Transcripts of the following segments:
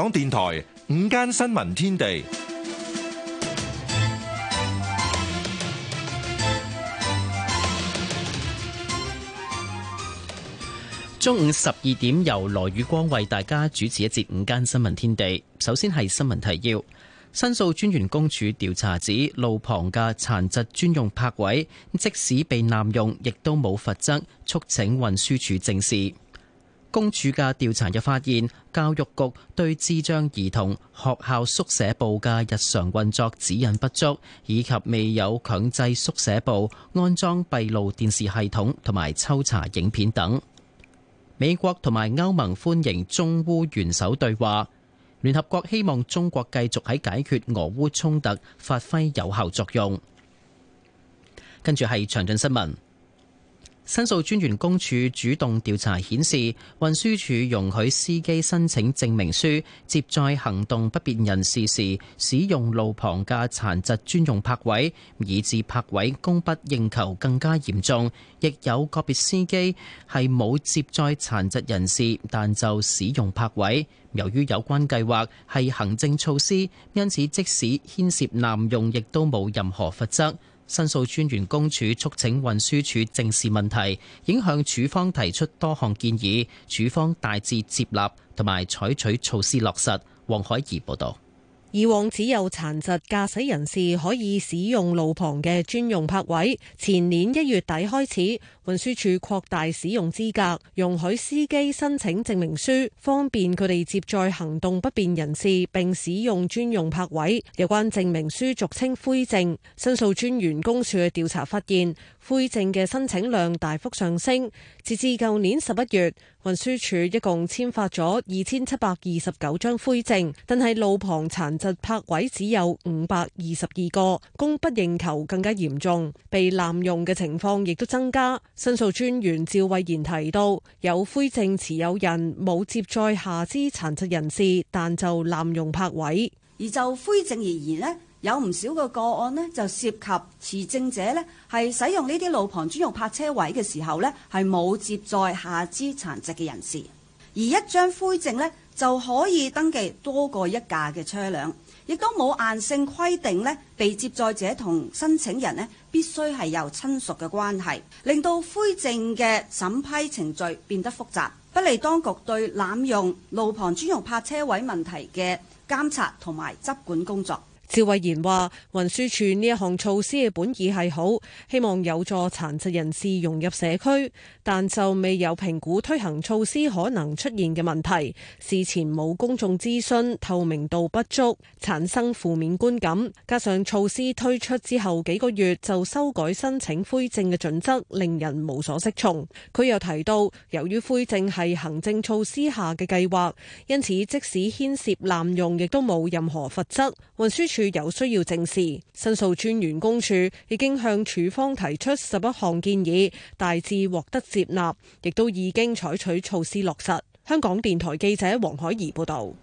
港電台午間新聞天地，中午十二點由羅宇光為大家主持一節午間新聞天地。首先係新聞提要：申訴專員公署調查指路旁嘅殘疾專用泊位，即使被濫用，亦都冇罰則，促請運輸署正視。公署嘅調查又發現，教育局對智障兒童學校宿舍部嘅日常運作指引不足，以及未有強制宿舍部安裝閉路電視系統同埋抽查影片等。美國同埋歐盟歡迎中烏元首對話，聯合國希望中國繼續喺解決俄烏衝突發揮有效作用。跟住係詳盡新聞。申訴專員公署主動調查顯示，運輸署容許司機申請證明書接載行動不便人士時使用路旁嘅殘疾專用泊位，以致泊位供不應求更加嚴重。亦有個別司機係冇接載殘疾人士，但就使用泊位。由於有關計劃係行政措施，因此即使牽涉濫用，亦都冇任何罰則。申訴專員公署促請運輸署正視問題，已向署方提出多項建議，署方大致接納同埋採取措施落實。黃海怡報道。以往只有殘疾駕駛人士可以使用路旁嘅專用泊位。前年一月底開始，運輸署擴大使用資格，容許司機申請證明書，方便佢哋接載行動不便人士，並使用專用泊位。有關證明書俗稱灰證。申訴專員公署嘅調查發現，灰證嘅申請量大幅上升，截至舊年十一月，運輸署一共簽發咗二千七百二十九張灰證，但係路旁殘疾泊位只有五百二十二個，供不應求更加嚴重，被濫用嘅情況亦都增加。申訴專員趙慧賢提到，有灰證持有人冇接載下肢殘疾人士，但就濫用泊位，而就灰證而言呢。有唔少個個案呢，就涉及持證者呢，係使用呢啲路旁專用泊車位嘅時候呢，係冇接載下肢殘疾嘅人士。而一張灰證呢，就可以登記多過一架嘅車輛，亦都冇硬性規定呢，被接載者同申請人呢，必須係有親屬嘅關係，令到灰證嘅審批程序變得複雜，不利當局對濫用路旁專用泊車位問題嘅監察同埋執管工作。趙慧賢話：運輸署呢一項措施嘅本意係好，希望有助殘疾人士融入社區，但就未有評估推行措施可能出現嘅問題。事前冇公眾諮詢，透明度不足，產生負面觀感。加上措施推出之後幾個月就修改申請灰證嘅準則，令人無所適從。佢又提到，由於灰證係行政措施下嘅計劃，因此即使牽涉濫用，亦都冇任何罰則。運輸署。有需要正視，申訴專員公署已經向處方提出十一項建議，大致獲得接納，亦都已經採取措施落實。香港電台記者黃海怡報道。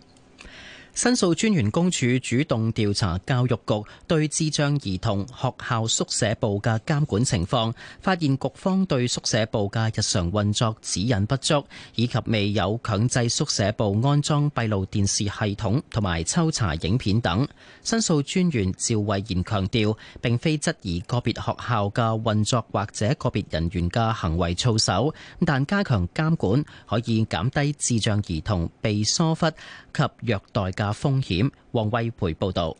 申訴專員公署主動調查教育局對智障兒童學校宿舍部嘅監管情況，發現局方對宿舍部嘅日常運作指引不足，以及未有強制宿舍部安裝閉路電視系統同埋抽查影片等。申訴專員趙慧賢強調，並非質疑個別學校嘅運作或者個別人員嘅行為操守，但加強監管可以減低智障兒童被疏忽及虐待嘅。啊、風險。黃惠培報道：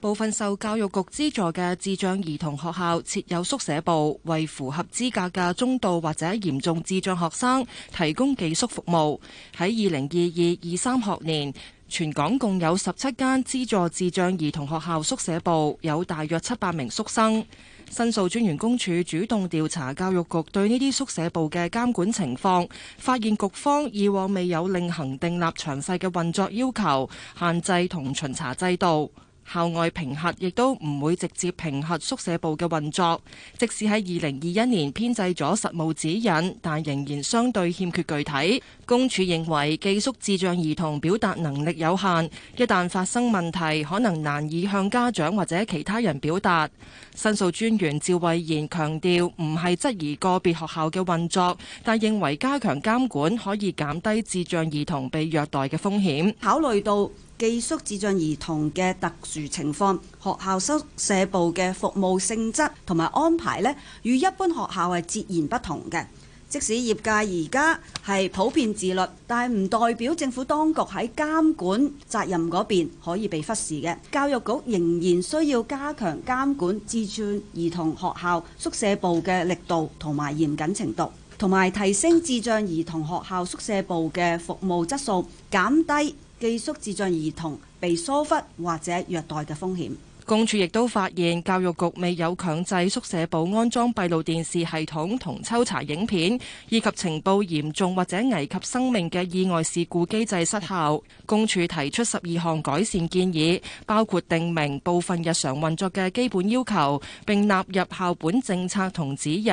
部分受教育局資助嘅智障兒童學校設有宿舍部，為符合資格嘅中度或者嚴重智障學生提供寄宿服務。喺二零二二、二三學年，全港共有十七間資助智障兒童學校宿舍部，有大約七百名宿生。申訴專員公署主動調查教育局對呢啲宿舍部嘅監管情況，發現局方以往未有另行訂立詳細嘅運作要求、限制同巡查制度。校外評核亦都唔會直接評核宿舍部嘅運作，即使喺二零二一年編制咗實務指引，但仍然相對欠缺具體。公署認為寄宿智障兒童表達能力有限，一旦發生問題，可能難以向家長或者其他人表達。申訴專員趙慧賢強調，唔係質疑個別學校嘅運作，但認為加強監管可以減低智障兒童被虐待嘅風險。考慮到寄宿智障兒童嘅特殊情況，學校宿舍部嘅服務性質同埋安排呢，與一般學校係截然不同嘅。即使業界而家係普遍自律，但係唔代表政府當局喺監管責任嗰邊可以被忽視嘅。教育局仍然需要加強監管智障兒童學校宿舍部嘅力度同埋嚴謹程度，同埋提升智障兒童學校宿舍部嘅服務質素，減低寄宿智障兒童被疏忽或者虐待嘅風險。公署亦都發現教育局未有強制宿舍部安裝閉路電視系統同抽查影片，以及情報嚴重或者危及生命嘅意外事故機制失效。公署提出十二項改善建議，包括定明部分日常運作嘅基本要求，並納入校本政策同指引。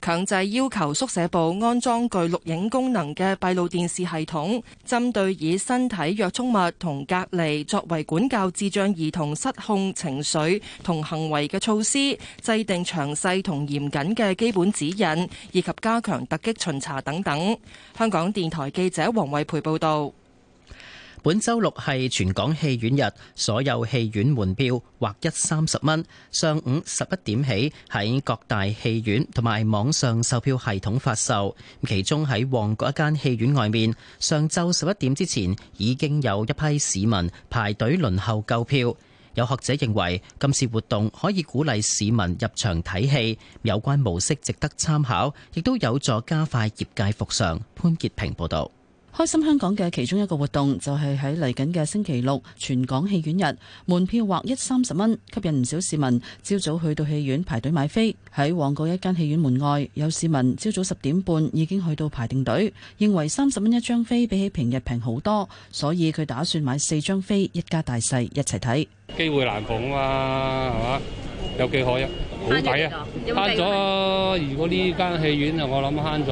強制要求宿舍部安裝具錄影功能嘅閉路電視系統，針對以身體約束物同隔離作為管教智障兒童失控情緒同行為嘅措施，制定詳細同嚴謹嘅基本指引，以及加強突擊巡查等等。香港電台記者黃惠培報導。本周六係全港戲院日，所有戲院門票劃一三十蚊，上午十一點起，喺各大戲院同埋網上售票系統發售。其中喺旺角一間戲院外面，上晝十一點之前，已經有一批市民排隊輪候購票。有學者認為，今次活動可以鼓勵市民入場睇戲，有關模式值得參考，亦都有助加快業界復常。潘潔平報道。開心香港嘅其中一個活動就係喺嚟緊嘅星期六全港戲院日，門票劃一三十蚊，吸引唔少市民朝早去到戲院排隊買飛。喺旺角一間戲院門外，有市民朝早十點半已經去到排定隊，認為三十蚊一張飛比起平日平好多，所以佢打算買四張飛，一家大細一齊睇。機會難逢啊，係嘛？有幾可啊，好抵啊，慳咗、啊。如果呢間戲院啊，我諗慳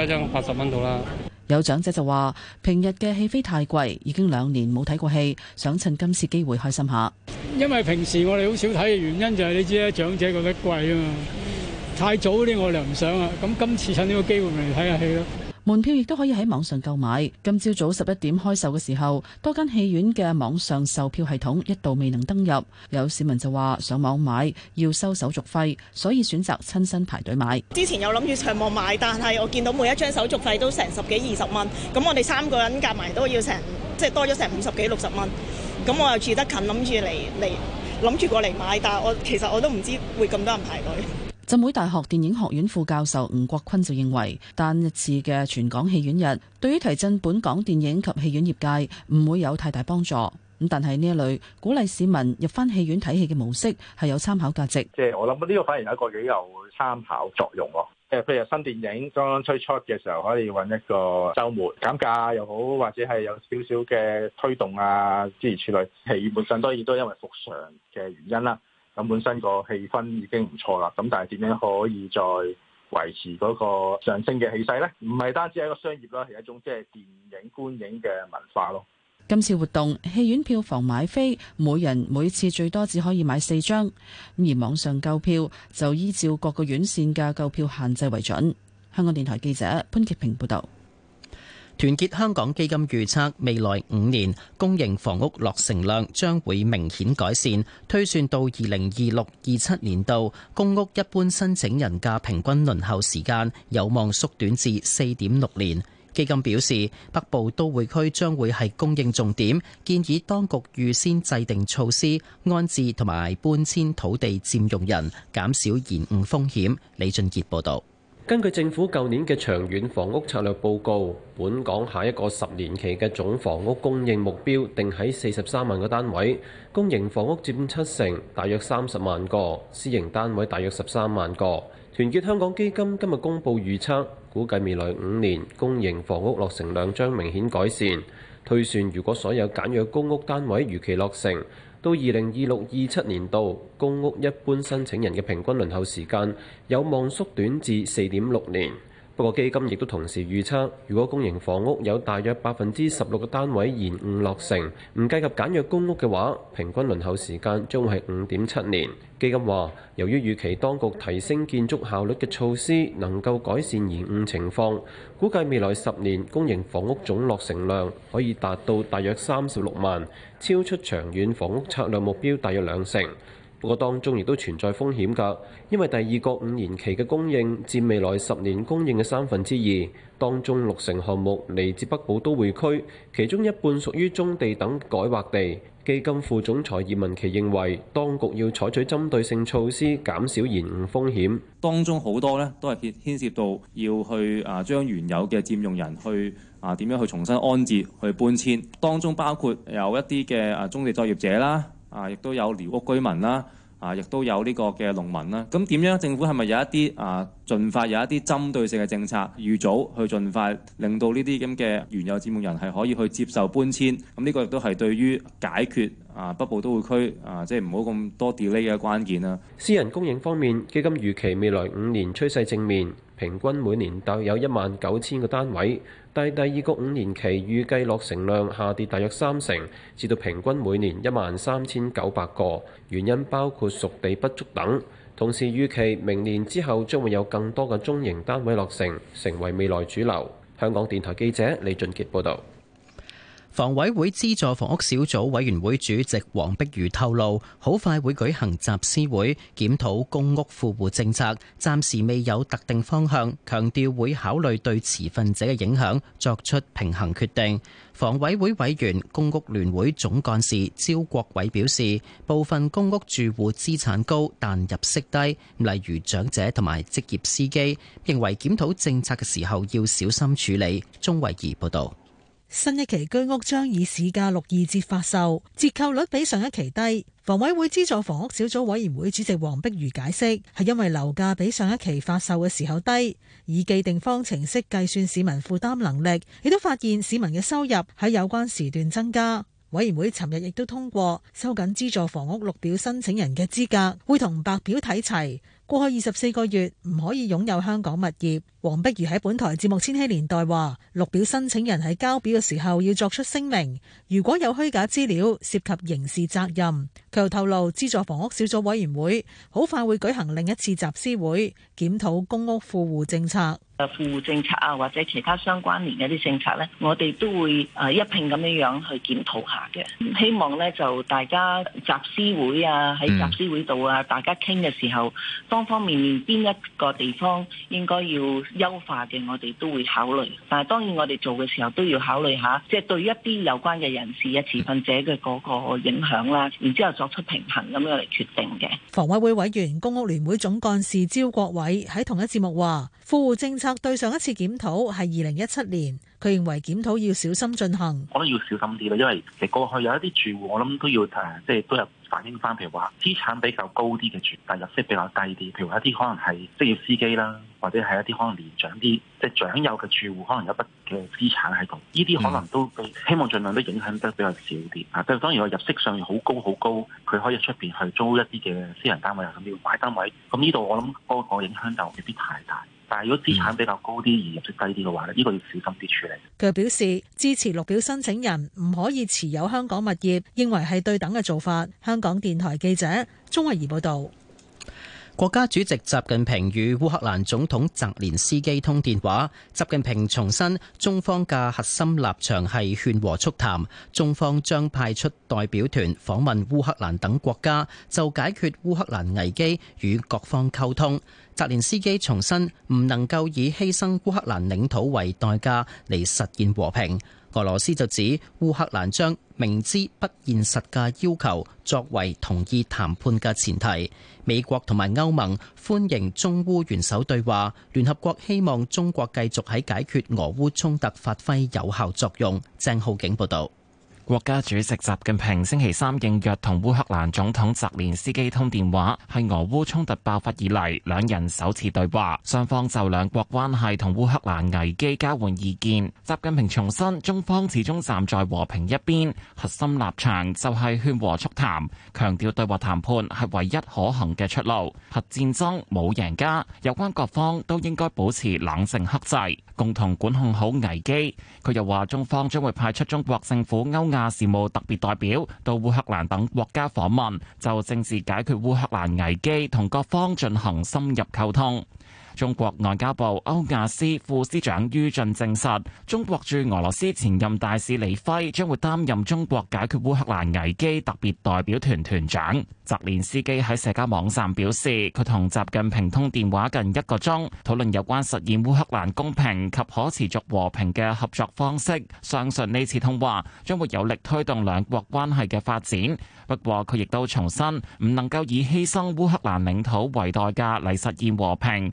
咗一張八十蚊度啦。有長者就話：平日嘅戲飛太貴，已經兩年冇睇過戲，想趁今次機會開心下。因為平時我哋好少睇嘅原因就係你知啦，長者覺得貴啊嘛，太早啲我哋唔想啊，咁今次趁呢個機會嚟睇下戲咯。門票亦都可以喺網上購買。今朝早十一點開售嘅時候，多間戲院嘅網上售票系統一度未能登入。有市民就話上網買要收手續費，所以選擇親身排隊買。之前有諗住上網買，但係我見到每一張手續費都成十幾二十蚊，咁我哋三個人夾埋都要成，即係多咗成五十幾六十蚊。咁我又住得近，諗住嚟嚟諗住過嚟買，但係我其實我都唔知會咁多人排隊。浸會大學電影學院副教授吳國坤就認為，單一次嘅全港戲院日，對於提振本港電影及戲院業界唔會有太大幫助。咁但係呢一類鼓勵市民入翻戲院睇戲嘅模式，係有參考價值。即係我諗呢個反而有一個幾有參考作用咯、啊。誒，譬如新電影剛剛推出嘅時候，可以揾一個周末減價又好，或者係有少少嘅推動啊，諸如此類。基本上，當然都因為復常嘅原因啦、啊。咁本身個氣氛已經唔錯啦，咁但係點樣可以再維持嗰個上升嘅氣勢咧？唔係單止係一個商業啦，係一種即係電影觀影嘅文化咯。今次活動戲院票房買飛，每人每次最多只可以買四張，咁而網上購票就依照各個院線嘅購票限制為準。香港電台記者潘潔平報道。團結香港基金預測，未來五年公營房屋落成量將會明顯改善，推算到二零二六、二七年度，公屋一般申請人嘅平均輪候時間有望縮短至四點六年。基金表示，北部都會區將會係供應重點，建議當局預先制定措施，安置同埋搬遷土地佔用人，減少延誤風險。李俊杰報道。根據政府舊年嘅長遠房屋策略報告，本港下一個十年期嘅總房屋供應目標定喺四十三萬個單位，公營房屋佔七成，大約三十萬個，私營單位大約十三萬個。團結香港基金今日公佈預測，估計未來五年公營房屋落成量將明顯改善。推算，如果所有簡約公屋單位如期落成，到二零二六二七年度，公屋一般申請人嘅平均輪候時間有望縮短至四點六年。不過基金亦都同時預測，如果公營房屋有大約百分之十六嘅單位延誤落成，唔計及簡約公屋嘅話，平均輪候時間將會係五點七年。基金話，由於預期當局提升建築效率嘅措施能夠改善延誤情況，估計未來十年公營房屋總落成量可以達到大約三十六萬，超出長遠房屋策略目標大約兩成。個當中亦都存在風險㗎，因為第二個五年期嘅供應佔未來十年供應嘅三分之二，當中六成項目嚟自北部都會區，其中一半屬於棕地等改劃地。基金副總裁葉文琪認為，當局要採取針對性措施，減少延誤風險。當中好多咧都係牽涉到要去啊將原有嘅佔用人去啊點樣去重新安置去搬遷，當中包括有一啲嘅啊棕地作業者啦。啊，亦都有寮屋居民啦，啊，亦都有呢個嘅農民啦。咁點樣政府係咪有一啲啊，盡快有一啲針對性嘅政策預早去盡快令到呢啲咁嘅原有佔有人係可以去接受搬遷？咁呢個亦都係對於解決啊北部都會區啊，即係唔好咁多 delay 嘅關鍵啦。私人供應方面，基金預期未來五年趨勢正面。平均每年大約有一萬九千個單位，但第二個五年期預計落成量下跌大約三成，至到平均每年一萬三千九百個。原因包括熟地不足等。同時預期明年之後將會有更多嘅中型單位落成，成為未來主流。香港電台記者李俊傑報導。房委會資助房屋小組委員會主席黃碧如透露，好快會舉行集思會檢討公屋富戶政策，暫時未有特定方向，強調會考慮對持份者嘅影響作出平衡決定。房委會委員公屋聯會總幹事招國偉表示，部分公屋住戶資產高但入息低，例如長者同埋職業司機，認為檢討政策嘅時候要小心處理。鍾慧儀報道。新一期居屋將以市價六二折發售，折扣率比上一期低。房委會資助房屋小組委員會主席黃碧如解釋，係因為樓價比上一期發售嘅時候低，以既定方程式計算市民負擔能力，亦都發現市民嘅收入喺有關時段增加。委員會尋日亦都通過收緊資助房屋綠表申請人嘅資格，會同白表睇齊。過去二十四個月唔可以擁有香港物業。黃碧如喺本台節目《千禧年代》話，綠表申請人喺交表嘅時候要作出聲明，如果有虛假資料，涉及刑事責任。佢又透露，資助房屋小組委員會好快會舉行另一次集思會，檢討公屋富戶政策。誒，扶助政策啊，或者其他相關聯嘅啲政策咧，我哋都會誒一併咁樣樣去檢討下嘅。希望咧就大家集思會啊，喺集思會度啊，大家傾嘅時候，方方面面邊一個地方應該要優化嘅，我哋都會考慮。但係當然我哋做嘅時候都要考慮下，即係對一啲有關嘅人士啊、持份者嘅嗰個影響啦，然之後作出平衡咁樣嚟決定嘅。房委會委員公屋聯會總幹事招國偉喺同一節目話：扶助政。對上一次檢討係二零一七年，佢認為檢討要小心進行。我覺得要小心啲啦，因為其實過去有一啲住戶，我諗都要誒，即係都有反映翻，譬如話資產比較高啲嘅住，但入息比較低啲，譬如話一啲可能係職業司機啦，或者係一啲可能年長啲，即係享有嘅住戶，可能有筆嘅資產喺度，呢啲可能都希望盡量都影響得比較少啲啊。但係當然，我入息上好高好高，佢可以出邊去租一啲嘅私人單位，甚至要買單位，咁呢度我諗嗰個影響就未必太大。但係如果資產比較高啲而入息低啲嘅話咧，呢個要小心啲處理。佢表示支持綠表申請人唔可以持有香港物業，認為係對等嘅做法。香港電台記者鍾慧儀報道。國家主席習近平與烏克蘭總統澤連斯基通電話，習近平重申中方嘅核心立場係勸和促談，中方將派出代表團訪問烏克蘭等國家，就解決烏克蘭危機與各方溝通。澤連斯基重申唔能夠以犧牲烏克蘭領土為代價嚟實現和平。俄羅斯就指烏克蘭將明知不現實嘅要求作為同意談判嘅前提。美國同埋歐盟歡迎中烏元首對話。聯合國希望中國繼續喺解決俄烏衝突發揮有效作用。鄭浩景報道。國家主席習近平星期三亞事務特別代表到烏克蘭等國家訪問，就政治解決烏克蘭危機同各方進行深入溝通。中國外交部歐亞司副司長于俊證實，中國駐俄羅斯前任大使李輝將會擔任中國解決烏克蘭危機特別代表團團長。澤連斯基喺社交網站表示，佢同習近平通電話近一個鐘，討論有關實現烏克蘭公平及可持續和平嘅合作方式，相信呢次通話將會有力推動兩國關係嘅發展。不過佢亦都重申，唔能夠以犧牲烏克蘭領土為代價嚟實現和平。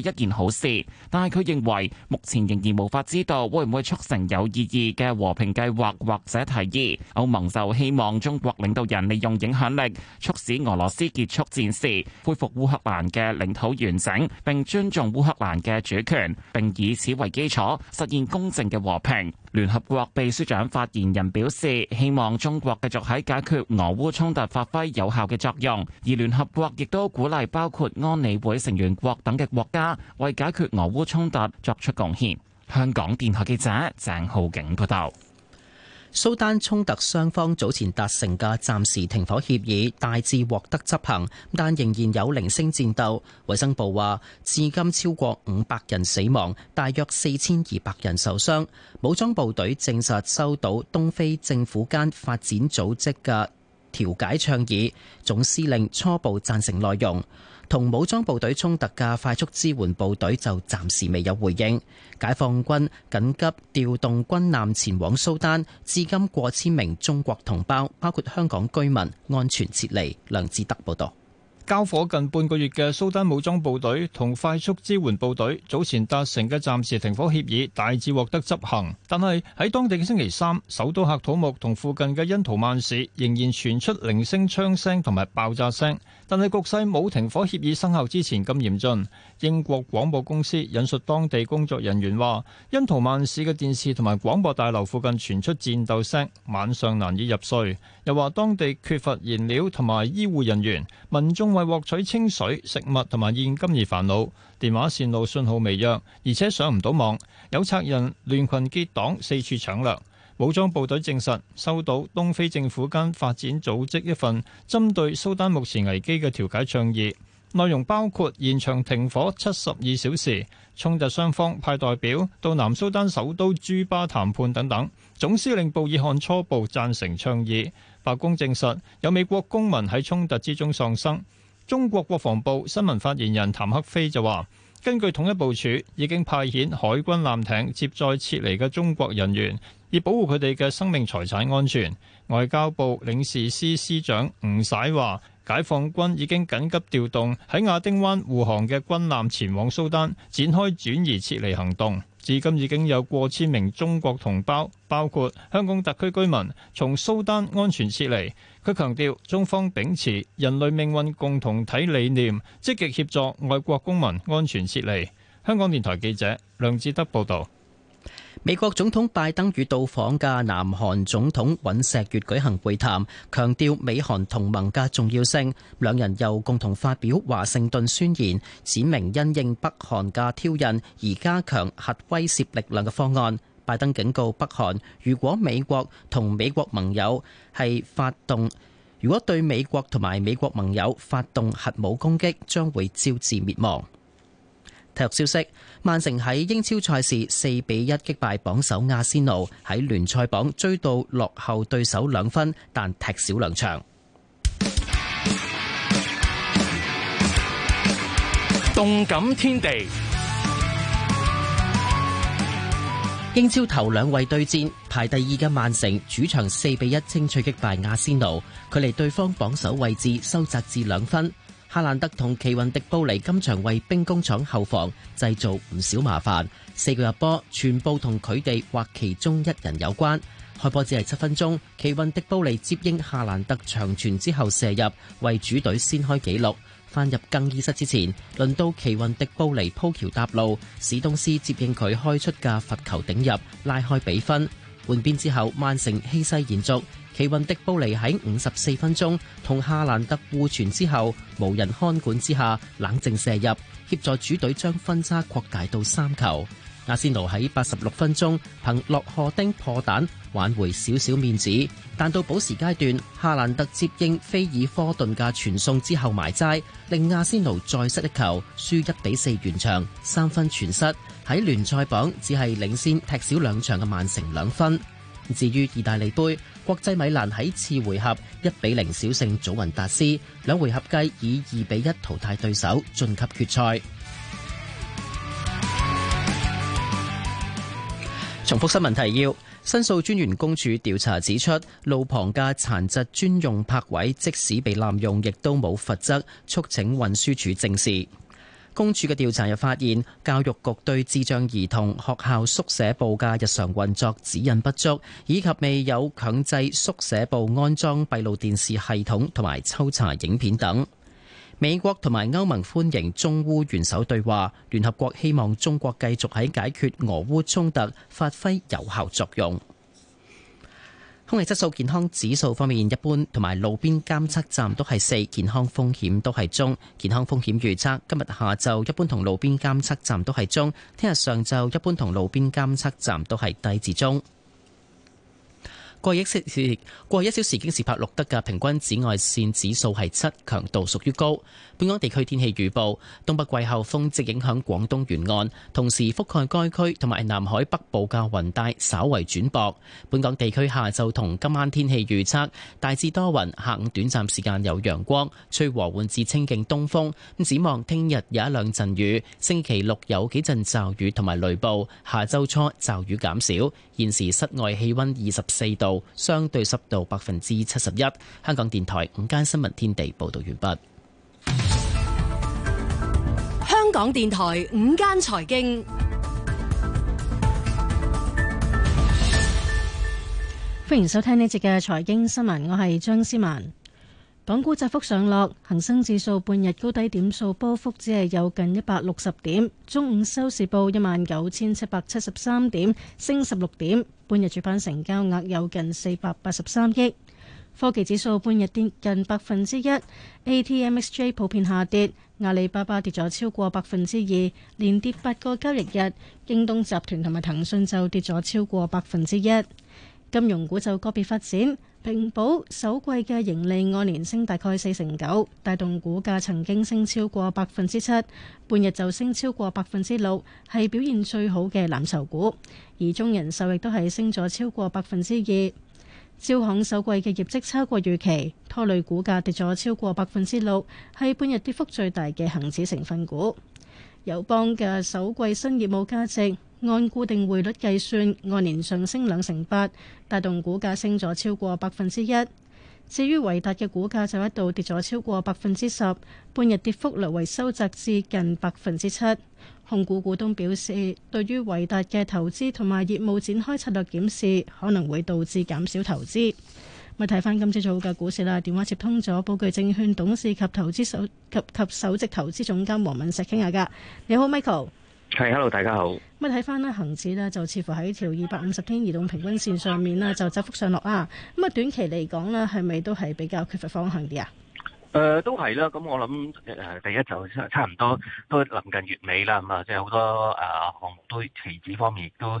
一件好事，但係佢認為目前仍然無法知道會唔會促成有意義嘅和平計劃或者提議。歐盟就希望中國領導人利用影響力，促使俄羅斯結束戰事，恢復烏克蘭嘅領土完整，並尊重烏克蘭嘅主權，並以此為基礎實現公正嘅和平。聯合國秘書長發言人表示，希望中國繼續喺解決俄烏衝突發揮有效嘅作用，而聯合國亦都鼓勵包括安理會成員國等嘅國家為解決俄烏衝突作出貢獻。香港電台記者鄭浩景報道。蘇丹衝突雙方早前達成嘅暫時停火協議大致獲得執行，但仍然有零星戰鬥。衛生部話，至今超過五百人死亡，大約四千二百人受傷。武裝部隊證實收到東非政府間發展組織嘅調解倡議，總司令初步贊成內容。同武裝部隊衝突嘅快速支援部隊就暫時未有回應。解放軍緊急調動軍艦前往蘇丹，至今過千名中國同胞，包括香港居民，安全撤離。梁志德報導。交火近半個月嘅蘇丹武裝部隊同快速支援部隊早前達成嘅暫時停火協議大致獲得執行，但係喺當地嘅星期三，首都喀土穆同附近嘅恩圖曼市仍然傳出零星槍聲同埋爆炸聲，但係局勢冇停火協議生效之前咁嚴峻。英國廣播公司引述當地工作人員話，恩圖曼市嘅電視同埋廣播大樓附近傳出戰鬥聲，晚上難以入睡。又話當地缺乏燃料同埋醫護人員民眾係獲取清水、食物同埋現金而煩惱。電話線路信號微弱，而且上唔到網。有賊人亂群結黨，四處搶掠。武裝部隊證實收到東非政府間發展組織一份針對蘇丹目前危機嘅調解倡議，內容包括延長停火七十二小時，衝突雙方派代表到南蘇丹首都朱巴談判等等。總司令布爾漢初步贊成倡議。白宮證實有美國公民喺衝突之中喪生。中國國防部新聞發言人譚克非就話，根據統一部署，已經派遣海軍艦艇接載撤離嘅中國人員，以保護佢哋嘅生命財產安全。外交部領事司司長吳璽話，解放軍已經緊急調動喺亞丁灣護航嘅軍艦前往蘇丹，展開轉移撤離行動。至今已經有過千名中國同胞，包括香港特區居民，從蘇丹安全撤離。佢強調，中方秉持人類命運共同體理念，積極協助外國公民安全撤離。香港電台記者梁志德報導。美國總統拜登與到訪嘅南韓總統尹錫悅舉行會談，強調美韓同盟嘅重要性。兩人又共同發表華盛頓宣言，指明因應北韓嘅挑釁而加強核威懾力量嘅方案。拜登警告北韓，如果美國同美國盟友係發動，如果對美國同埋美國盟友發動核武攻擊，將會招致滅亡。體育消息：曼城喺英超賽事四比一擊敗榜首阿仙奴，喺聯賽榜追到落後對手兩分，但踢少兩場。動感天地，英超頭兩位對戰排第二嘅曼城主場四比一清脆擊敗阿仙奴，距離對方榜首位置收窄至兩分。夏蘭特同奇運迪布尼今場為兵工廠後防製造唔少麻煩，四個入波全部同佢哋或其中一人有關。開波只係七分鐘，奇運迪布尼接應夏蘭特長傳之後射入，為主隊先開紀錄。翻入更衣室之前，輪到奇運迪布尼鋪橋搭路，史東斯接應佢開出嘅罰球頂入，拉開比分。換邊之後，曼城氣勢延續。奇雲迪布尼喺五十四分鐘同夏蘭特互傳之後，無人看管之下冷靜射入，協助主隊將分差擴大到三球。阿仙奴喺八十六分鐘憑洛賀丁破蛋挽回少少面子，但到補時階段，夏蘭特接應菲爾科頓嘅傳送之後埋齋，令阿仙奴再失一球，輸一比四完場，三分全失。喺聯賽榜只係領先踢少兩場嘅曼城兩分。至於意大利杯。國際米蘭喺次回合一比零小勝祖雲達斯，兩回合計以二比一淘汰對手晉級決賽。重複新聞提要：申訴專員公署調查指出，路旁嘅殘疾專用泊位即使被濫用，亦都冇罰則，促請運輸署正視。公署嘅調查又發現，教育局對智障兒童學校宿舍部嘅日常運作指引不足，以及未有強制宿舍部安裝閉路電視系統同埋抽查影片等。美國同埋歐盟歡迎中烏元首對話，聯合國希望中國繼續喺解決俄烏衝突發揮有效作用。空氣質素健康指數方面，一般同埋路邊監測站都係四，健康風險都係中。健康風險預測，今日下晝一般同路邊監測站都係中，聽日上晝一般同路邊監測站都係低至中。過去一小時，過一小時已經是拍錄得嘅平均紫外線指數係七，強度屬於高。本港地區天氣預報，東北季候風正影響廣東沿岸，同時覆蓋該區同埋南海北部嘅雲帶稍為轉薄。本港地區下晝同今晚天氣預測大致多雲，下午短暫時間有陽光，吹和緩至清勁東風。咁展望聽日有一兩陣雨，星期六有幾陣驟雨同埋雷暴，下周初驟雨減少。現時室外氣温二十四度。相對濕度百分之七十一。香港電台午間新聞天地報道完畢。香港電台午間財經，歡迎收聽呢節嘅財經新聞，我係張思文。港股窄幅上落，恒生指數半日高低點數波幅只係有近一百六十點，中午收市報一萬九千七百七十三點，升十六點。半日主板成交額有近四百八十三億。科技指數半日跌近百分之一，ATMXJ 普遍下跌，阿里巴巴跌咗超過百分之二，連跌八個交易日。京東集團同埋騰訊就跌咗超過百分之一，金融股就個別發展。平保首季嘅盈利按年升大概四成九，帶動股價曾經升超過百分之七，半日就升超過百分之六，係表現最好嘅藍籌股。而中人壽亦都係升咗超過百分之二。招行首季嘅業績超過預期，拖累股價跌咗超過百分之六，係半日跌幅最大嘅恒指成分股。友邦嘅首季新業務價值。按固定匯率計算，按年上升兩成八，帶動股價升咗超過百分之一。至於維達嘅股價就一度跌咗超過百分之十，半日跌幅略為收窄至近百分之七。控股股東表示，對於維達嘅投資同埋業務展開策略檢視，可能會導致減少投資。咪睇翻今朝早嘅股市啦，電話接通咗，寶具證券董事及投資首及及首席投資總監黃敏石傾下㗎。你好，Michael。係，hello，大家好。咁啊，睇翻咧，恒指咧就似乎喺條二百五十天移動平均線上面咧，就窄幅上落啊。咁啊，短期嚟講咧，係咪都係比較缺乏方向啲啊？誒、呃、都係啦，咁、嗯、我諗誒、呃、第一就差唔多都臨近月尾啦，咁、嗯、啊、即係好多誒項目都期指方面亦都誒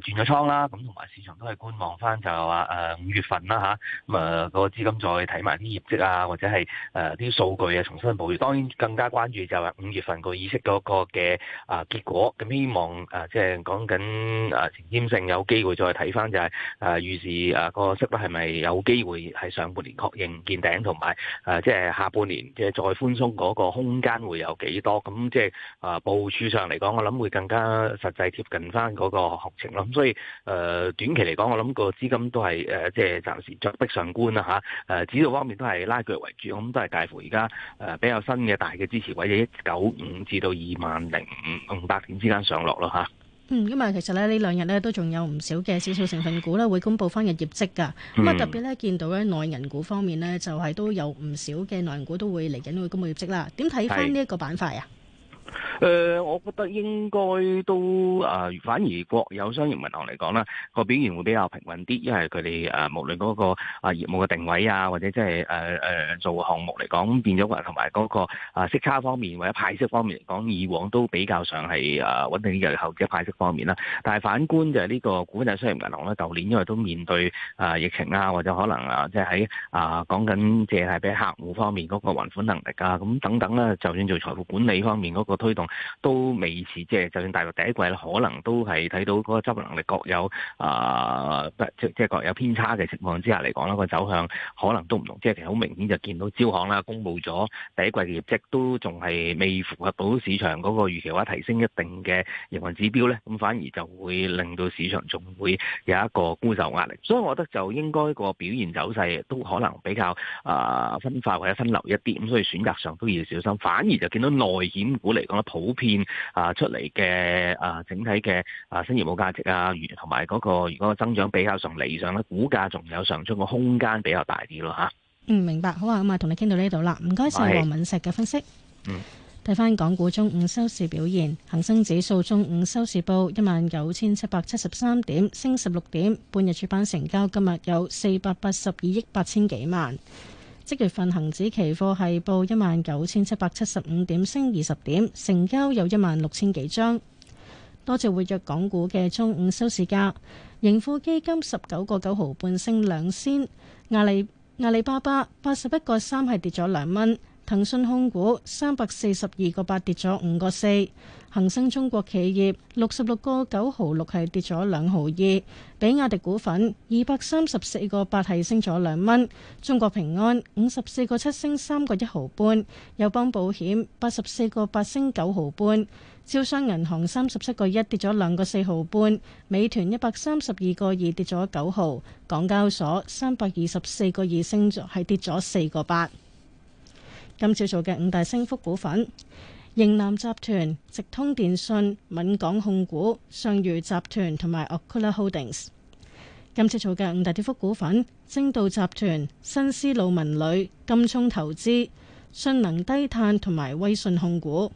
轉咗倉啦，咁同埋市場都係觀望翻就係話誒五月份啦、啊、吓、咁啊個資金再睇埋啲業績啊，或者係誒啲數據啊，重新部署。當然更加關注就係五月份個議息嗰個嘅啊結果。咁、嗯、希望誒、呃、即係講緊誒前瞻性有機會再睇翻就係誒預示誒、啊、那個息率係咪有機會喺上半年確認見頂，同埋誒即係。下半年嘅再寬鬆嗰個空間會有幾多？咁即係啊，部署上嚟講，我諗會更加實際貼近翻嗰個行情咯。所以，誒、呃、短期嚟講，我諗個資金都係誒，即、呃、係暫時作壁上觀啦嚇。誒、啊、指數方面都係拉鋸為主，咁都係介乎而家誒比較新嘅大嘅支持位，一九五至到二萬零五百點之間上落咯嚇。啊嗯，因為其實咧呢兩日咧都仲有唔少嘅少數成分股咧會公布翻嘅業績㗎，咁啊、嗯、特別咧見到咧內銀股方面咧就係、是、都有唔少嘅內銀股都會嚟緊會公布業績啦。點睇翻呢一個板塊啊？誒、呃，我覺得應該都啊、呃，反而國有商業銀行嚟講咧，個表現會比較平穩啲。因為佢哋誒，無論嗰個啊業務嘅定位啊，或者即係誒誒做項目嚟講，變咗同埋嗰個啊息差方面或者派息方面嚟講，以往都比較上係誒穩定嘅。後者派息方面啦，但係反觀就係呢個股份制商業銀行咧，舊年因為都面對啊疫情啊，或者可能啊即係喺啊講緊借貸俾客戶方面嗰個還款能力啊，咁等等啦，就算做財富管理方面嗰、嗰個。推動都未遲，即係就算大陸第一季咧，可能都係睇到嗰個執行能力各有啊、呃，即即係各有偏差嘅情況之下嚟講啦，個走向可能都唔同。即係其實好明顯就見到招行啦，公佈咗第一季嘅業績都仲係未符合到市場嗰個預期話，話提升一定嘅營運指標咧，咁反而就會令到市場仲會有一個沽售壓力。所以我覺得就應該個表現走勢都可能比較啊分化或者分流一啲，咁所以選擇上都要小心。反而就見到內險股嚟。咁啊，普遍啊出嚟嘅啊，整體嘅啊新業務價值啊，同埋嗰個如果增長比較上理想咧，股價仲有上漲嘅空間比較大啲咯吓，嗯，明白，好啊，咁、嗯、啊，同你傾到呢度啦，唔該晒，黃敏石嘅分析。嗯。睇翻港股中午收市表現，恒生指數中午收市報一萬九千七百七十三點，升十六點。半日主板成交今日有四百八十二億八千幾萬。即月份恒指期貨係報一萬九千七百七十五點，升二十點，成交有一萬六千幾張。多隻活躍港股嘅中午收市價，盈富基金十九個九毫半升兩仙，阿里阿里巴巴，八十一個三係跌咗兩蚊，騰訊控股三百四十二個八跌咗五個四。恒生中國企業六十六個九毫六係跌咗兩毫二，比亞迪股份二百三十四個八係升咗兩蚊，中國平安五十四個七升三個一毫半，友邦保險八十四個八升九毫半，招商銀行三十七個一跌咗兩個四毫半，美團一百三十二個二跌咗九毫，港交所三百二十四個二升咗係跌咗四個八。今次做嘅五大升幅股份。迎南集團、直通電信、敏港控股、尚譽集團同埋 Oculus Holdings。今次做嘅五大跌幅股份：精度集團、新絲路文旅、金冲投資、信能低碳同埋威信控股。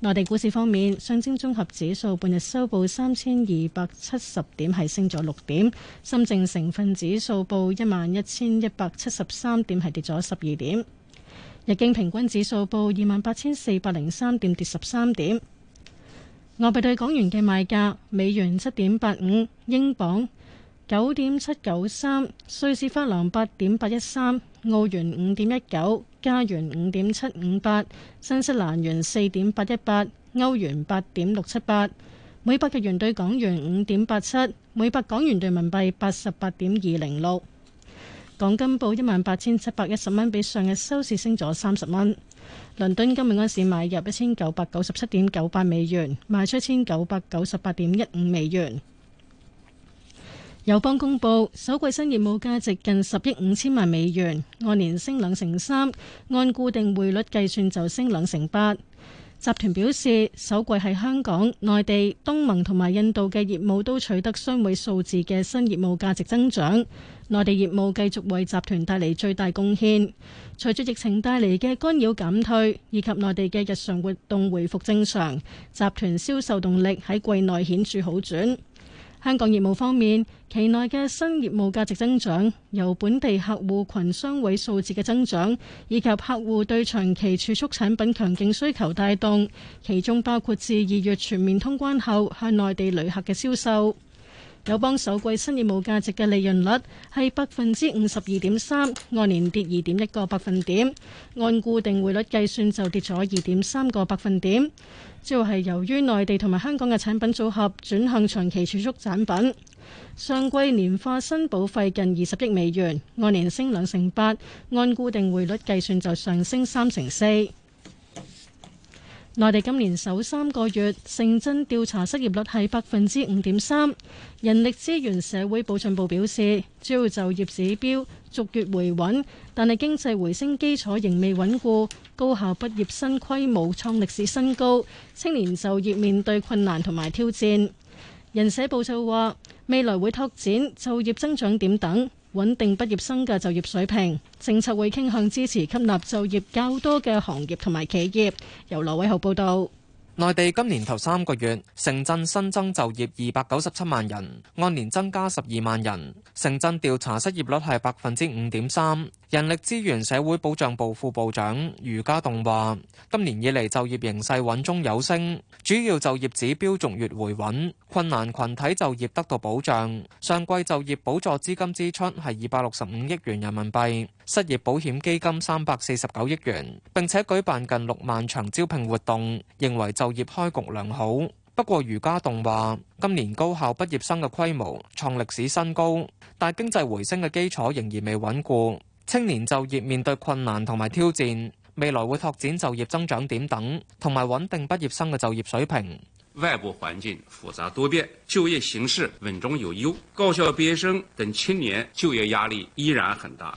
內地股市方面，上證綜合指數半日收報三千二百七十點，係升咗六點；深證成分指數報一萬一千一百七十三點，係跌咗十二點。日經平均指數報二萬八千四百零三點，跌十三點。外幣兌港元嘅賣價：美元七點八五，英鎊九點七九三，瑞士法郎八點八一三，澳元五點一九，加元五點七五八，新西蘭元四點八一八，歐元八點六七八，每百日元兌港元五點八七，每百港元兌人民幣八十八點二零六。港金報一萬八千七百一十蚊，比上日收市升咗三十蚊。倫敦金每盎司買入一千九百九十七點九八美元，賣出千九百九十八點一五美元。友邦公布首季新業務價值近十億五千萬美元，按年升兩成三，按固定匯率計算就升兩成八。集團表示，首季係香港、內地、東盟同埋印度嘅業務都取得雙位數字嘅新業務價值增長。內地業務繼續為集團帶嚟最大貢獻，隨住疫情帶嚟嘅干擾減退，以及內地嘅日常活動回復正常，集團銷售動力喺季內顯著好轉。香港業務方面，期內嘅新業務價值增長，由本地客戶群雙位數字嘅增長，以及客戶對長期儲蓄產品強勁需求帶動，其中包括自二月全面通關後向內地旅客嘅銷售。友邦首季新業務價值嘅利潤率係百分之五十二點三，按年跌二點一個百分點，按固定匯率計算就跌咗二點三個百分點。主要係由於內地同埋香港嘅產品組合轉向長期儲蓄產品，上季年化新保費近二十億美元，按年升兩成八，按固定匯率計算就上升三成四。內地今年首三個月城鎮調查失業率係百分之五點三，人力資源社會保障部表示，主要就業指標逐月回穩，但係經濟回升基礎仍未穩固，高校畢業生規模創歷史新高，青年就業面對困難同埋挑戰。人社部就話，未來會拓展就業增長點等。穩定畢業生嘅就業水平，政策會傾向支持吸納就業較多嘅行業同埋企業。由羅偉豪報道。內地今年頭三個月，城鎮新增就業二百九十七萬人，按年增加十二萬人。城鎮調查失業率係百分之五點三。人力資源社會保障部副部長俞家棟話：今年以嚟就業形勢穩中有升，主要就業指標逐月回穩，困難群體就業得到保障。上季就業補助資金支出係二百六十五億元人民幣。失業保險基金三百四十九億元，並且舉辦近六萬場招聘活動，認為就業開局良好。不過，余家棟話：今年高校畢業生嘅規模創歷史新高，但經濟回升嘅基礎仍然未穩固，青年就業面對困難同埋挑戰。未來會拓展就業增長點等，同埋穩定畢業生嘅就業水平。外部環境複雜多變，就業形勢穩中有優，高校畢業生等青年就業壓力依然很大。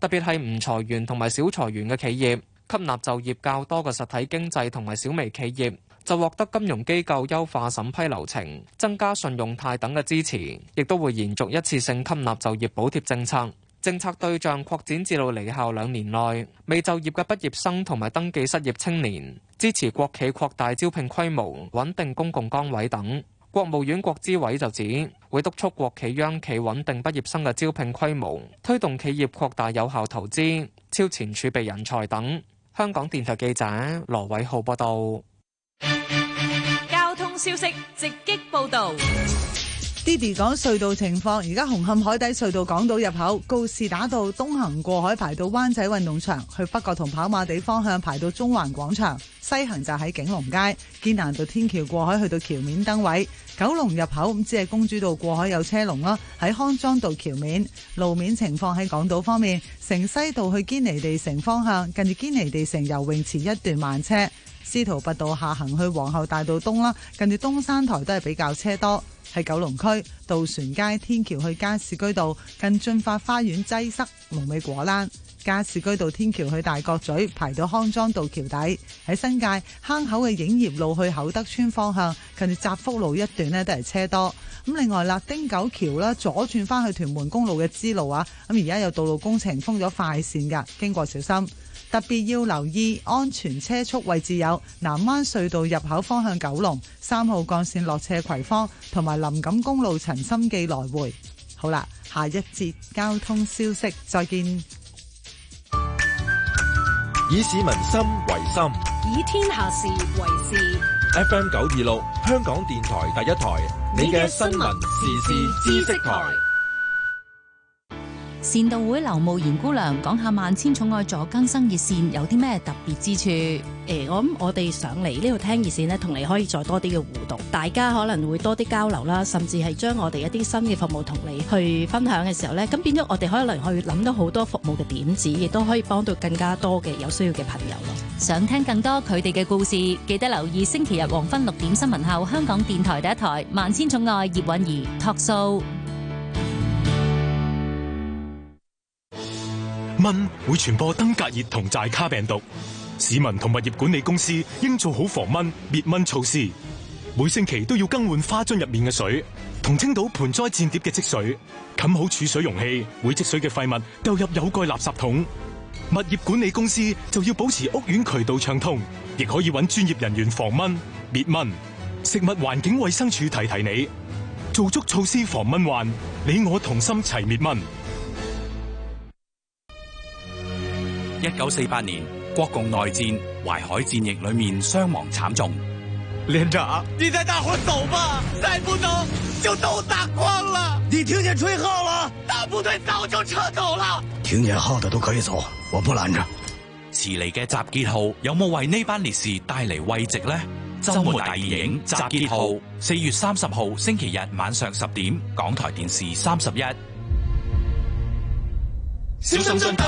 特別係唔裁員同埋少裁員嘅企業，吸納就業較多嘅實體經濟同埋小微企業，就獲得金融機構優化審批流程、增加信用貸等嘅支持，亦都會延續一次性吸納就業補貼政策。政策對象擴展至到離校兩年內未就業嘅畢業生同埋登記失業青年，支持國企擴大招聘規模、穩定公共崗位等。國務院國資委就指，會督促國企央企穩定畢業生嘅招聘規模，推動企業擴大有效投資、超前儲備人才等。香港電台記者羅偉浩報道。交通消息直擊報道。Didi 講隧道情況，而家紅磡海底隧道港島入口告士打道東行過海排到灣仔運動場，去北角同跑馬地方向排到中環廣場；西行就喺景隆街堅拿道天橋過海去到橋面燈位。九龍入口咁只係公主道過海有車龍啦，喺康莊道橋面。路面情況，喺港島方面，城西道去堅尼地城方向近住堅尼地城游泳池一段慢車；司徒拔道下行去皇后大道東啦，近住東山台都係比較車多。喺九龍區渡船街天橋去加士居道近駿發花園擠塞龍尾果欄，加士居道天橋去大角咀排到康莊道橋底。喺新界坑口嘅影業路去厚德村方向近住澤福路一段呢，都係車多。咁另外啦，汀九橋啦左轉翻去屯門公路嘅支路啊，咁而家有道路工程封咗快綫噶，經過小心。特別要留意安全車速位置，有南灣隧道入口方向、九龍三號幹線落斜葵芳、同埋林錦公路陳心記來回。好啦，下一節交通消息，再見。以市民心為心，以天下事為事。FM 九二六，香港電台第一台，你嘅新聞時事知識台。善道會劉慕賢姑娘講下萬千寵愛助更生熱線有啲咩特別之處？誒，我諗我哋上嚟呢度聽熱線咧，同你可以再多啲嘅互動，大家可能會多啲交流啦，甚至係將我哋一啲新嘅服務同你去分享嘅時候呢，咁變咗我哋可能去諗到好多服務嘅點子，亦都可以幫到更加多嘅有需要嘅朋友咯。想聽更多佢哋嘅故事，記得留意星期日黃昏六點新聞後，香港電台第一台《萬千寵愛葉韻儀》talk show。蚊會傳播登革熱同寨卡病毒，市民同物業管理公司應做好防蚊滅蚊措施。每星期都要更換花樽入面嘅水，同清倒盆栽墊碟嘅積水，冚好儲水容器，會積水嘅廢物丟入有蓋垃圾桶。物業管理公司就要保持屋苑渠道暢通，亦可以揾專業人員防蚊滅蚊。食物環境衛生署提提你，做足措施防蚊患，你我同心齊滅蚊。一九四八年，國共內戰淮海戰役裏面傷亡慘重。連長、啊，你帶大伙走吧，再不走就都打光了。你聽見吹號了？大部隊早就撤走了。聽見號的都可以走，我不攔着。遲嚟嘅集結號有冇為呢班烈士帶嚟慰藉呢？周末大電影《集結號》結號，四月三十號星期日晚上十點，港台電視三十一。小心進等。